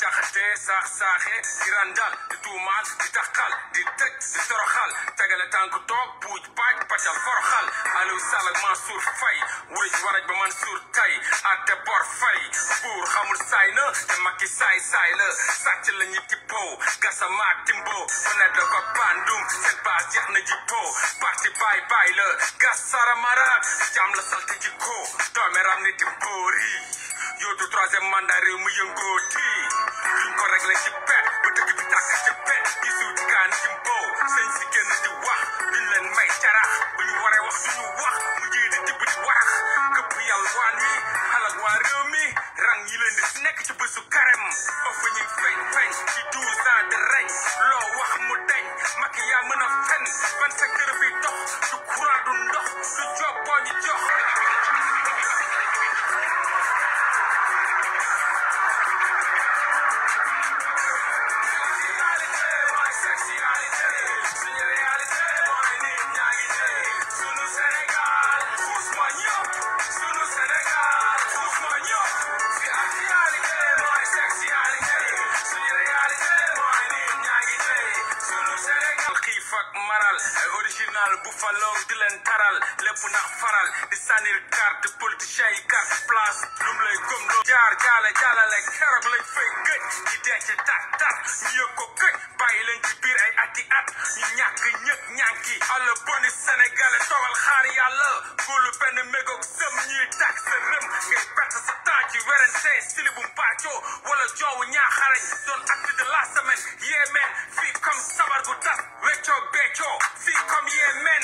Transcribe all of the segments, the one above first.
jaxatee saax saaxee di randal di tuumaal di taxal di tëj di toroxal tegale tànk toog buuj paaj pacal foroxal Aliou Sall ak Mansour Faye wuruj waraj ba Mansour tay atte bor fay buur xamul saay na te Macky saay saay la sàcc la ñu tippoo gasa maak timbo mu ne da ko bandum seen baas jeex na jippoo baay baay la gas sara maraat jaam la salte jikkoo doomeram ni timboori yootu troisième mandat réew mu yëngooti korek la ci pet ba dëkk bi tàkk ci pet di suuf di gaan ci mbow sëñ si kenn di wax duñ leen may carax bu li waree wax suñu wax mu jii di tibb di warax këpp yalwaan wi xalak waa réew mi rang yi leen di nekk ci bésu karem ofa ñu feeñ feeñ ci douze ans de règne loo wax mu deñ Macky yaa mën a fen carte politicien yi carte place lum lay gëm loo jaar jaale jaalale keroog lañ fay gëj ñi dee ci tat tat ñu yëg ko gëj bàyyi leen ci biir ay ati at ñu ñàkk ñëg ñànki àll boni sénégalais toogal xaar yàlla góolu benn mégoog sëm ñuy tax sa rëm ngay perte sa temps ci werante silibu mbaacoo wala joowu ñaaxarañ doon acte de la semaine yee meen fii comme sabar gu tas weccoo beccoo fii comme yee meen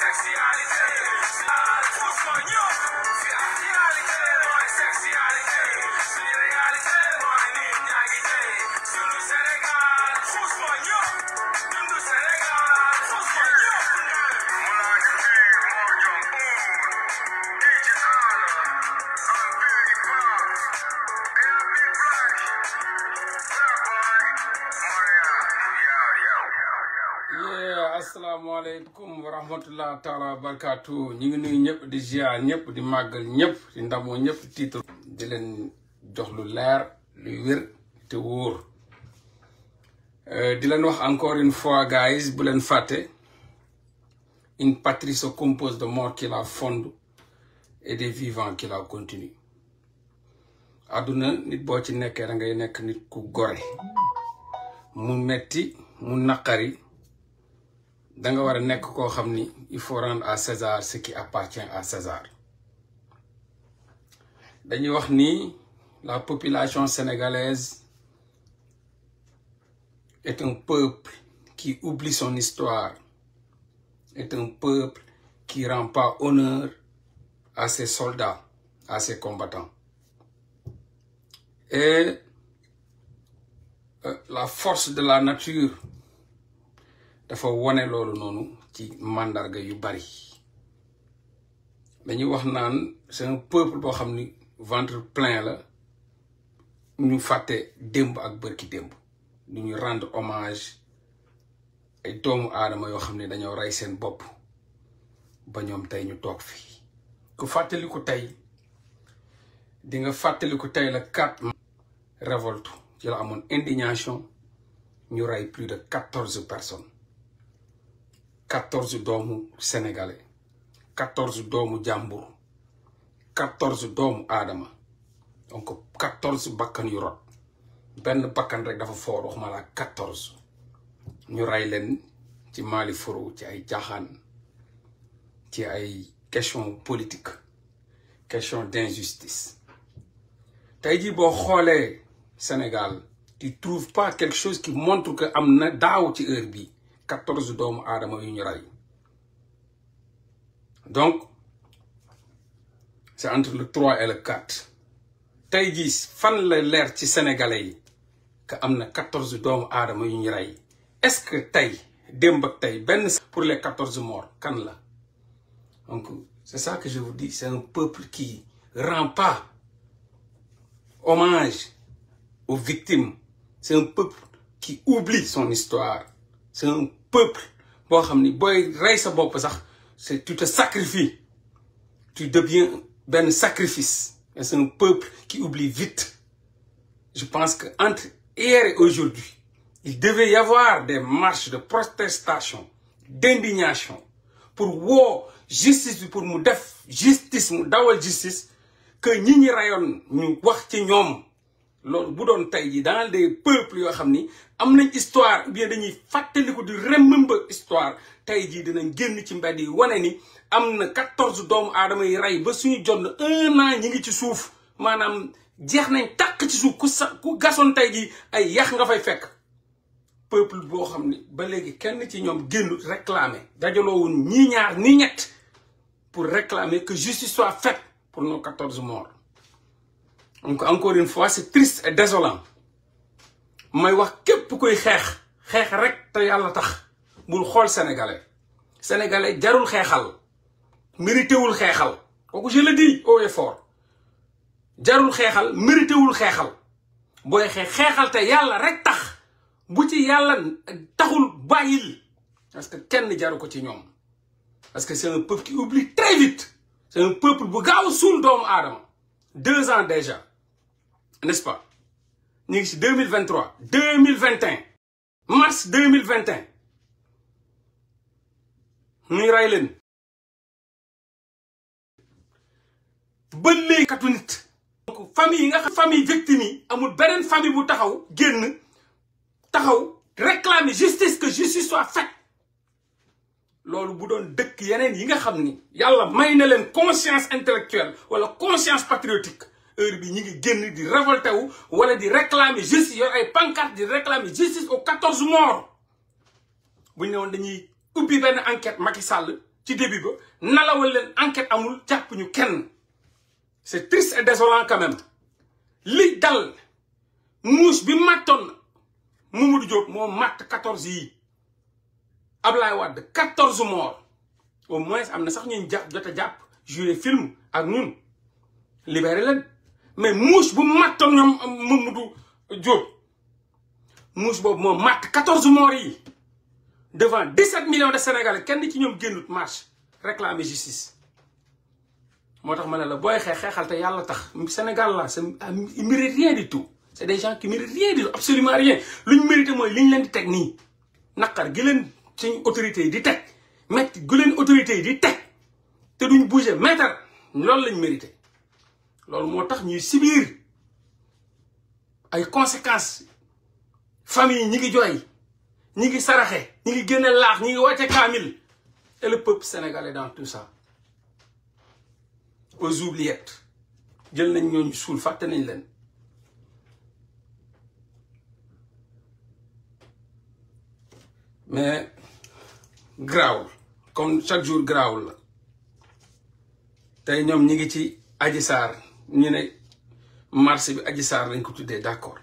sexualité Franchement, yo! Fier, fier, les gars, les gars, sexy, les gars! asalaamaaleykum wa rahmatullah taala wa barakaatu ñu ngi nuyu ñëpp di ziar ñëpp di màggal ñëpp di ndamoo ñëpp titre di leen jox lu leer luy wér te wóor euh, di leen wax encore une fois guys bu leen fàtte une patrie se compose de morts qui la fondent et des vivants qui la continuent àdduna nit boo ci nekkee da ngay nekk nit ku gore mu metti mu naqari da nga war a nekk koo xam ni il faut rendre à César ce qui appartient à César dañuy wax ni la population sénégalaise est un peuple qui oublie son histoire est un peuple qui rend pas honneur à ses soldats à ses combattants et euh, la force de la nature dafa wone loolu noonu ci màndarga yu bari dañuy wax naan c'est un peuple boo xam ni ventre plein la ñu fàtte démb ak bërki démb du ñu rendre hommage ay doomu aadama yoo xam ne dañoo rey seen bopp ba ñoom tey ñu toog fii ku fàttaliku tey di nga fàttaliku tey la quatre révolte ci la amoon indignation ñu rey plus de quatorze personnes quatorze doomu sénégalais quatorze doomu jàmbur quatorze doomu aadama donc quatorze bakkan yu rot benn bakkan rek dafa foor waxuma laa quatorze ñu rey leen ci Mali foro ci ay jaaxaan ci ay question politique question d'injustice tey jii boo xoolee Sénégal tu trouves pas quelque chose qui montre que am na daaw ci heure bii quatorze doomu aadama yu ñu rey donc c'est entre le trois et le quatre tey jii fan la leer ci sénégalais yi que am na quatorze doomu aadama yu ñu rey est-ce que tey démb ak tey benn pour les quatorze morts kan la donc c'est ça que je vous dis c'est un peuple qui rend pas hommage aux c'est un peuple qui oublie son histoire c'est un peuple boo xam ni booy rey sa bopp sax c'est tu te sacrifies tu deviens benn sacrifice et c'est un peuple qui oublie vite je pense que entre hier et aujourd'hui il devait y des marches de protestation d'indignation pour woo justice pour mu def justice mu dawal justice que ñi ñi rayoon ñu wax ci ñoom loolu bu doon tey jii dans des peuples yoo xam ni am nañ histoire bien dañuy fàttaliku di remember histoire tey jii dinañ génn ci mbedd yi wane ni am na quatorze doomu aadama yi rey ba suñu jot na un an ñi ngi ci suuf maanaam jeex nañ takk ci suuf ku sa ku gasoon tey jii ay yax nga fay fekk peuple boo xam ni ba léegi kenn ci ñoom génn réclamer dajaloowun ñii ñaar ni ñett pour réclamer que justice soit faite pour nos quatorze morts donc encore une fois c'est triste et désolant may wax képp koy xeex xeex rek te yàlla tax bul xool sénégalais sénégalais jarul xeexal méritéwul xeexal kooku je le jarul xeexal méritéwul xeexal booy xeex xeexal te yàlla rek tax bu ci yàlla taxul bàyyil parce que kenn jaru ko ci ñoom parce que c'est un peuple qui oublie très vite c'est un peuple bu gaaw suul doomu aadama deux ans déjà n'est-ce pas ñu ngi si deux mille vingt trois deux mille vingt un mars deux mille vingt un ñuy rey leen ba léegi katu nit donc famille yi nga xam famille victime yi amul beneen famille bu taxaw génn taxaw réclamer justice que justice soit faite loolu bu doon dëkk yeneen yi nga xam ni yàlla may na leen conscience intellectuelle wala conscience patriotique heure bi ñu ngi génn di révolté wu wala di réclamer justice yor ay pancarte di réclamer justice aux quatorze morts bu ñëwoon ne woon dañuy ubbi benn enquête Macky Sall ci début ba nalawal leen enquête amul jàpp ñu kenn c'est triste et désolant quand même li dal muus bi màttoon Mamadou Diop moo màtt quatorze yi Ablaye Wade quatorze morts au moins am na sax ñu jàpp jot a jàpp juré film ak ñun libéré leen mais muus bu mattoon ñoom euh, Mamadou Diop muus boobu moo matt quatorze morts yi devant dix-sept millions de sénégalais kenn ci ñoom génnut marche réclamer justice moo tax ma ne la booy xeex xeexal te yàlla tax Sénégal la c'est euh, il mérite rien du tout c'est des gens qui méritent rien du tout absolument rien lu ñu mérité mooy li ñu leen di teg nii naqar gi leen suñu autorités yi di teg metti gi leen autorité yi di teg te duñ bouger mètre loolu lañ mérité loolu moo tax ñuy subir ay conséquences famille ñi ngi jooy ñi ngi saraxe ñi ngi génne laax ñi ngi wàcce kaamil et le peuple sénégalais dans tout ça aux oubliettes jël nañ ñooñu suul fàtte nañ leen mais garaawul comme chaque jour garaawul la tey ñoom ñi ngi ci Adji Sarr ñu ne marché bi Adji Sarr lañ ko tuddee d'accord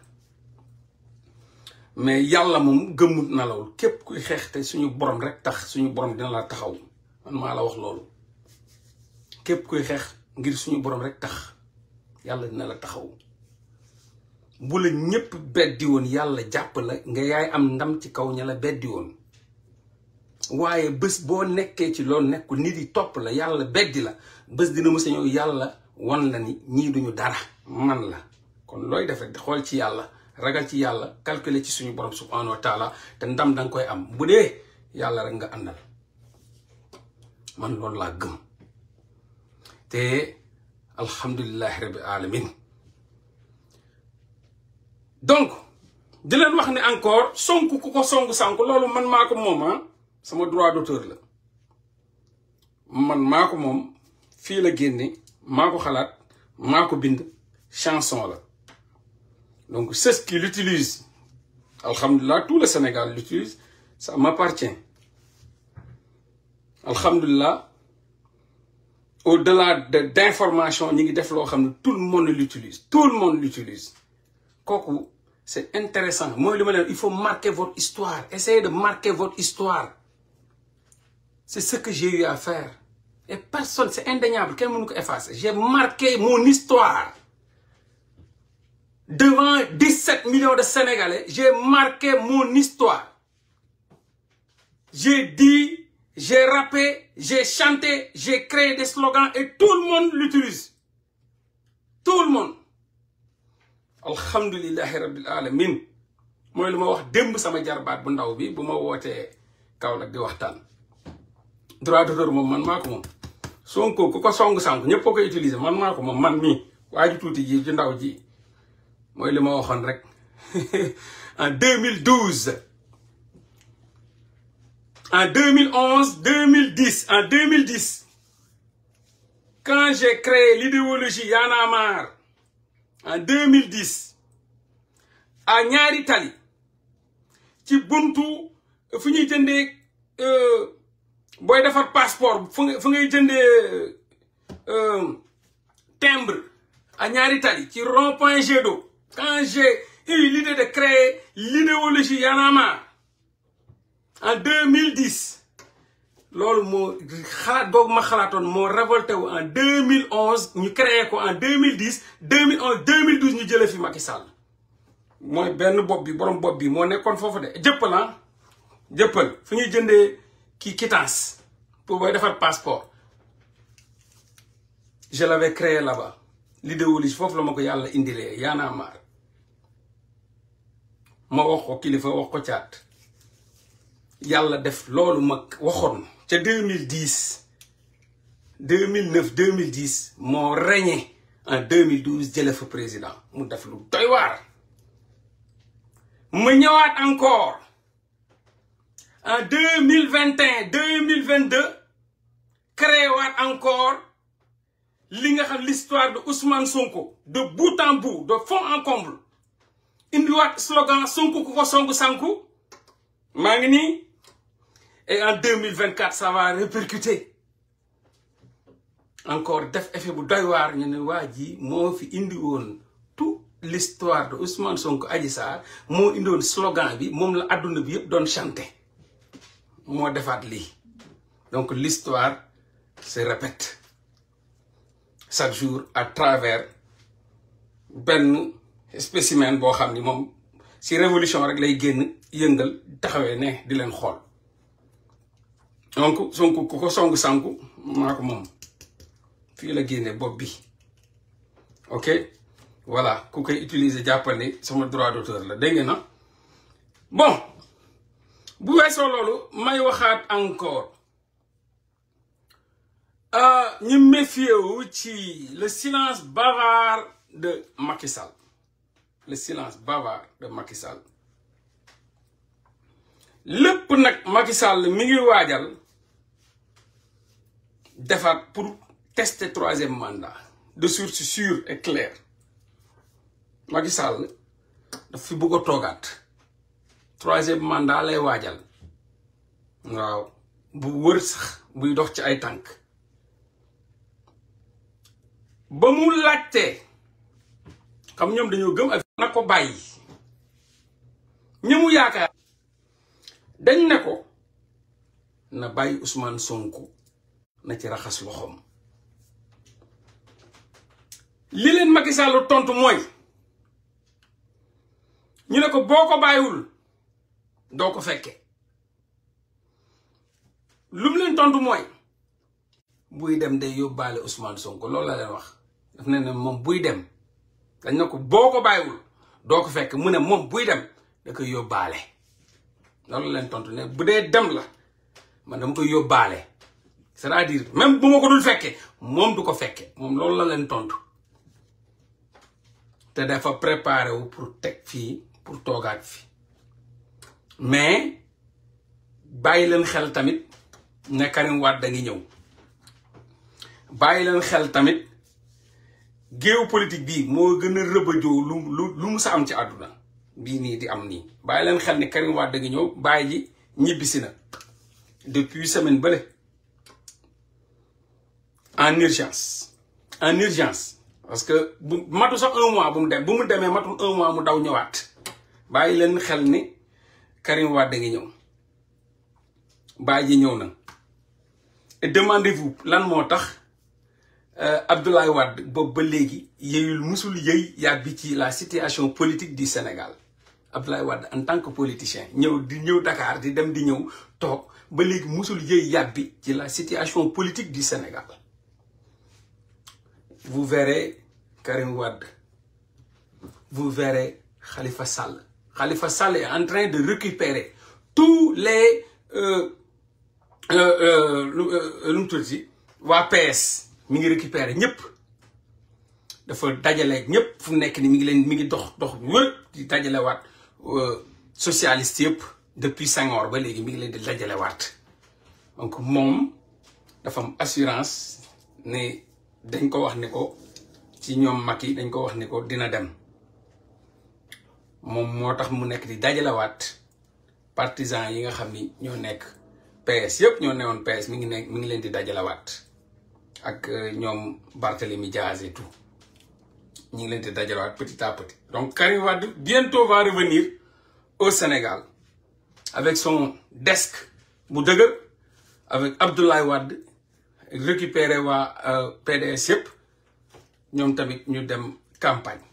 mais yàlla moom gëmmut na lawul képp kuy xeex te suñu borom rek tax suñu borom dina la taxaw man maa la wax loolu képp kuy xeex ngir suñu borom rek tax yàlla dina la taxaw bu la ñépp beddi woon yàlla jàpp la nga yaay am ndam ci kaw ña la beddi woon waaye bés boo nekkee ci loolu nekkul nit yi topp la yàlla beddi la bés dina mës ñëw yàlla wan la ni ñii duñu dara man la kon looy def xool ci yàlla ragal ci yàlla calculer ci suñu borom subhanahu wa taala te ndam danga koy am bu yàlla rek nga àndal man loolu laa gëm te alhamdulilahi rabbi alamin donc di leen wax ne encore sonk ku ko sonk sànk loolu man maa ko moom ah. sama droit d'auteur la man maa moom fii la génne maa ko xalaat maa ko bind chanson la donc c'est ce qui l'utilise alhamdulilah tout le Sénégal l'utilise ma m'appartient alhamdulilah au-delà de d'information ñi ngi def loo xam ne tout le monde l'utilise tout le monde l'utilise kooku c'est intéressant mooy li ma leen il faut marquer votre histoire essayez de marquer votre histoire c'est ce que j'ai eu à faire et personne c'est indéniable kenn mënu ko effacer j'ai marqué mon histoire devant 17 millions de Sénégalais j'ai marqué mon histoire j'ai dit j'ai rappé j'ai chanté j'ai créé des slogans et tout le monde l'utilise tout le monde alhamdulillahi rabbil alamin mooy lu ma wax démb sama jarbaat bu ndaw bi bu ma kaw Kaolack di waxtaan droit d'auteur moom man maa ko Sonko ku ko song sànq ñëpp a koy utiliser man maa ko moom man mii waa ji tuuti ji ju ndaw ji mooy li ma waxoon rek en 2012 en mille 2010 en 2010 quand j'ai créé l'idéologie Y'en a marre en 2010 à ñaari tali ci buntu fu ñuy jëndee. Euh, booy defar passeport fu ngay fu ngay jëndee euh, timbre à ñaari tali ci rond point Jet d'eau quand j'ai eu l'idée de créer l'idéologie Y'en a marre en loolu moo xalaat boobu ma xalaatoon moo révolté wu en 2011 ñu créé ko en 2010 2011 2012 ñu jëlee fi Macky sal mooy benn bopp bi borom bopp bi moo nekkoon foofu de jëppal ah jëppal fu ñuy jëndee. kii quittance pour booy defar passeport je l'avais créé là-bas l'idéologie foofu la ma ko yàlla indilee yaanaa maar ma wax ko kilifa wax ko caat yàlla def loolu mag waxoon ca 2010 2009 2010 moo régné en 2012 jële fa président mu def lu doy waar mu ñëwaat encore en deux mille vingt et un deux mille vingt deux créé encore li nga xam l'histoire de Ousmane Sonko de bout en bout de fond en indiwaat slogan Sonko ku ko songu sanku maa ngi nii et en deux mille vingt quatre ça va répercuter encore def effet bu doy waar ñu ne waa ji moo fi indi woon tout l'histoire de Ousmane Sonko Adji Sarr moo indi woon slogan bi moom la adduna bi yëpp doon chanter. moo defaat lii donc l'histoire se répète chaque jour à travers benn spécimen boo xam ni moom si révolution rek lay génn yëngal taxawee ne di leen xool donc Sonko ku ko songu sanku maa moom fii la génne bopp bi ok voilà ku koy utiliser jàppale ni sama droit d'auteur la dégg na bon bu weesoo loolu may waxaat encore euh, ñu méfier ci le silence bavard de Macky le silence bavard de Macky lépp nag Macky Sall mi ngi waajal defar pour teste troisième mandat de source sûre et claire Macky Sall daf fi bëgg a toogaat. troisième mandat lay waajal waaw bu wër sax buy dox ci ay tànk ba mu laajtee xam ñoom dañoo gëm ak na ko bàyyi ñi yaakaar dañ ne ko na bàyyi Ousmane Sonko na ci raxas loxoom li leen Macky Sall tontu mooy ñu ne ko boo ko bàyyiwul doo ko fekke lu mu leen tontu mooy buy dem day yóbbaale Ousmane Sonko loolu la leen wax daf ne ne moom buy dem dañ ne ko boo ko bàyyiwul doo ko fekk mu ne moom buy dem da ko yóbbaale loolu la leen tontu ne bu dee dem la man dama ko yóbbaale c'est-à-dire même bu ma ko dul fekkee moom du ko fekke moom loolu la leen tontu te dafa préparé wu pour teg fii pour toogaat fii mais bàyyi leen xel tamit ne Karim Wade da ñëw bàyyi leen xel tamit géopolitique bii moo gën a rëbëjoo lu lu lu mu sa am ci àdduna bii nii di am nii bàyyi leen xel ni Karim waat da ñëw bàyyi ji ñibbisi na depuis semaine bële en urgence en urgence parce que bu matu sax un mois bu mu dem bu mu demee matul un mois mu daw ñëwaat bàyyi leen xel ni Karim Wade ngi ñëw baa ji ñëw na et demandez-vous lan moo tax euh, Abdoulaye Wade boobu ba léegi yeyul musul yëy yàbbi ci la situation politique du Sénégal Abdoulaye Wade en tant que politicien ñëw di ñëw dakaar di dem di ñëw toog ba léegi musul yëy yàbbi ci la situation politique du Sénégal vous verrez Karim Wade vous verrez Khalifa Sall Khalifa Sall est en train de récupérer tous les euh, euh, euh, lu mu tudd waa PS mi ngi récupérer ñëpp dafa dajale ñëpp fu nekk ni mi ngi leen mi ngi dox dox wër di dajalewaat socialiste yëpp depuis Senghor ba léegi mi ngi leen di dajalewaat donc moom dafa assurance ne dañ ko wax ni ko ci ñoom mag yi dañ ko wax ni ko dina dem moom moo tax mu nekk di dajalewaat partisans yi nga xam ni ñoo nekk PS yëpp ñoo newoon PS mi ngi nekk mi ngi leen di dajalewaat ak euh, ñoom Barthélemy Diaz et tout ñu ngi leen di dajalawaat petit à petit. donc Karim Wade bientôt va revenir au Sénégal avec son desk bu dëgër avec Abdoulaye Wade récupéré waa euh, PDS yëpp ñoom tamit ñu dem campagne.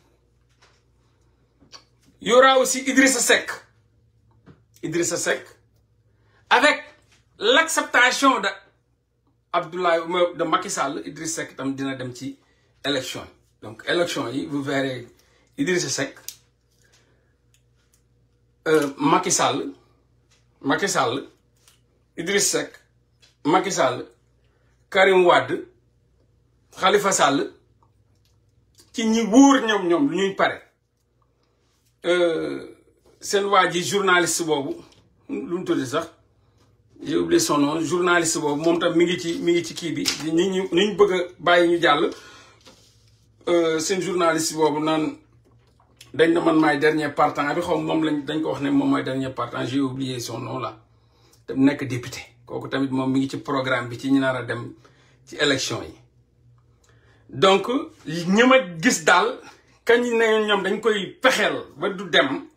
y aura aussi Idrissa Seck Idrissa Seck avec l'acceptation de Abdoulaye euh, de Macky Sall Idrissa Seck tam dina dem ci élection donc élection yi vous verrez Idrissa Seck euh, Macky Sall idris Sall Idrissa Seck Macky Sall Karim Wade Khalifa Sall ci ñi wóor ñoom ñoom lu ñuy pare Euh, seen waa ji journaliste boobu lu mu tudd sax j'ai son nom journaliste boobu moom tam mi ngi ci mi ngi ci kii bi ni ñu ni ñu bëgg bàyyi ñu jàll euh, seen journaliste boobu naan dañ na man maay dernier partant bi xaw moom lañ dañ ko wax ne moom mooy dernier partant j'ai oublié son noonu la te nekk député kooku tamit moom mi ngi ci programme bi ci ñu nar a dem ci élection yi donc ñi ma gis daal kañ ne ñoom dañ koy pexeel ba du dem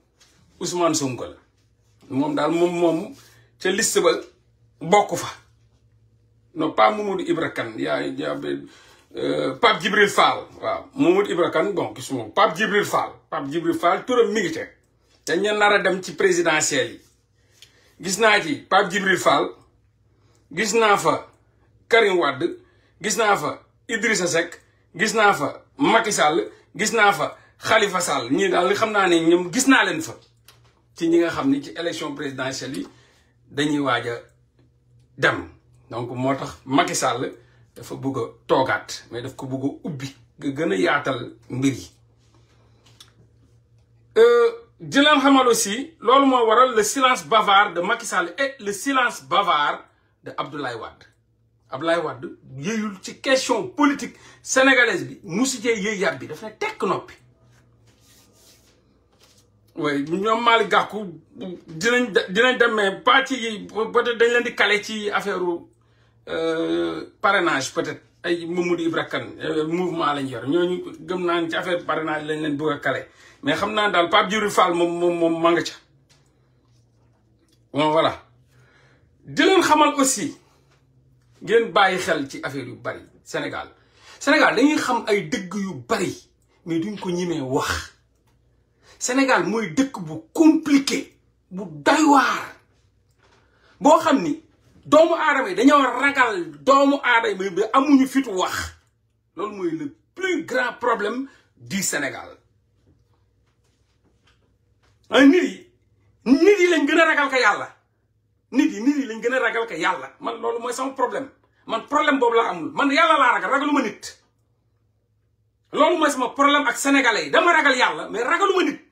Ousmane Sonko la moom daal moom moom ca liste ba bokk fa non pas Mamadou Ibra Kane yaa yaa euh, Pape Djibril Fall waaw Mamadou Ibra Kane bon gis moom Pape Djibril Fall Pape Djibril Fall turam mi ngi teg dañ ñu dem ci présidentielle yi gis naa ci Pape Djibril Fall gis naa fa Karim Wade gis naa fa Idrissa Seck gis naa fa Macky gis naa fa Khalifa Sall ñii daal xam naa ne ñoom gis naa leen fa ci ñi nga xam ni ci élection présidentielle yi dañuy waaj a dem donc moo tax Macky dafa bëgg a toogaat mais daf ko bëgg ubbi nga gën a yaatal mbir yi euh, di leen xamal aussi loolu moo waral le silence bavard de Macky Sall et le silence bavard de Abdoulaye Wade Abdoulaye Wade yëyul ci question politique sénégalaise bi musi cee yëy yàb bi daf ne tekk noppi way ñoom Malick Gakou dinañ dinañ demee pas ci peut-être dañ leen di kale ci affaire euh, parrainage peut-être ay Mamadou Ibra Kane euh, mouvement lañ yor ñooñu gëm naa ci affaire parrainage lañ leen bëgg a kale mais xam naa daal Pape Djibril faal moom moom moom ma nga ca bon voilà xamal aussi ngeen bàyyi xel ci affaire yu bari Sénégal Sénégal dañuy xam ay dëgg yu bari mais duñ ko ñemee wax Sénégal mooy dëkk bu compliqué bu doywaar boo xam ni doomu aadama yi dañoo ragal doomu aadama yi amuñu fitu wax loolu mooy le plus grand problème du Sénégal ay nit yi nit yi lañ gën a ragal ka yàlla nit yi nit yi lañ gën a ragal ka yàlla man loolu mooy sama problème man problème boobu laa amul man yàlla laa ragal ragalu ma nit. loolu mooy sama problème ak sénégalais yi dama ragal yàlla mais ragalu ma nit.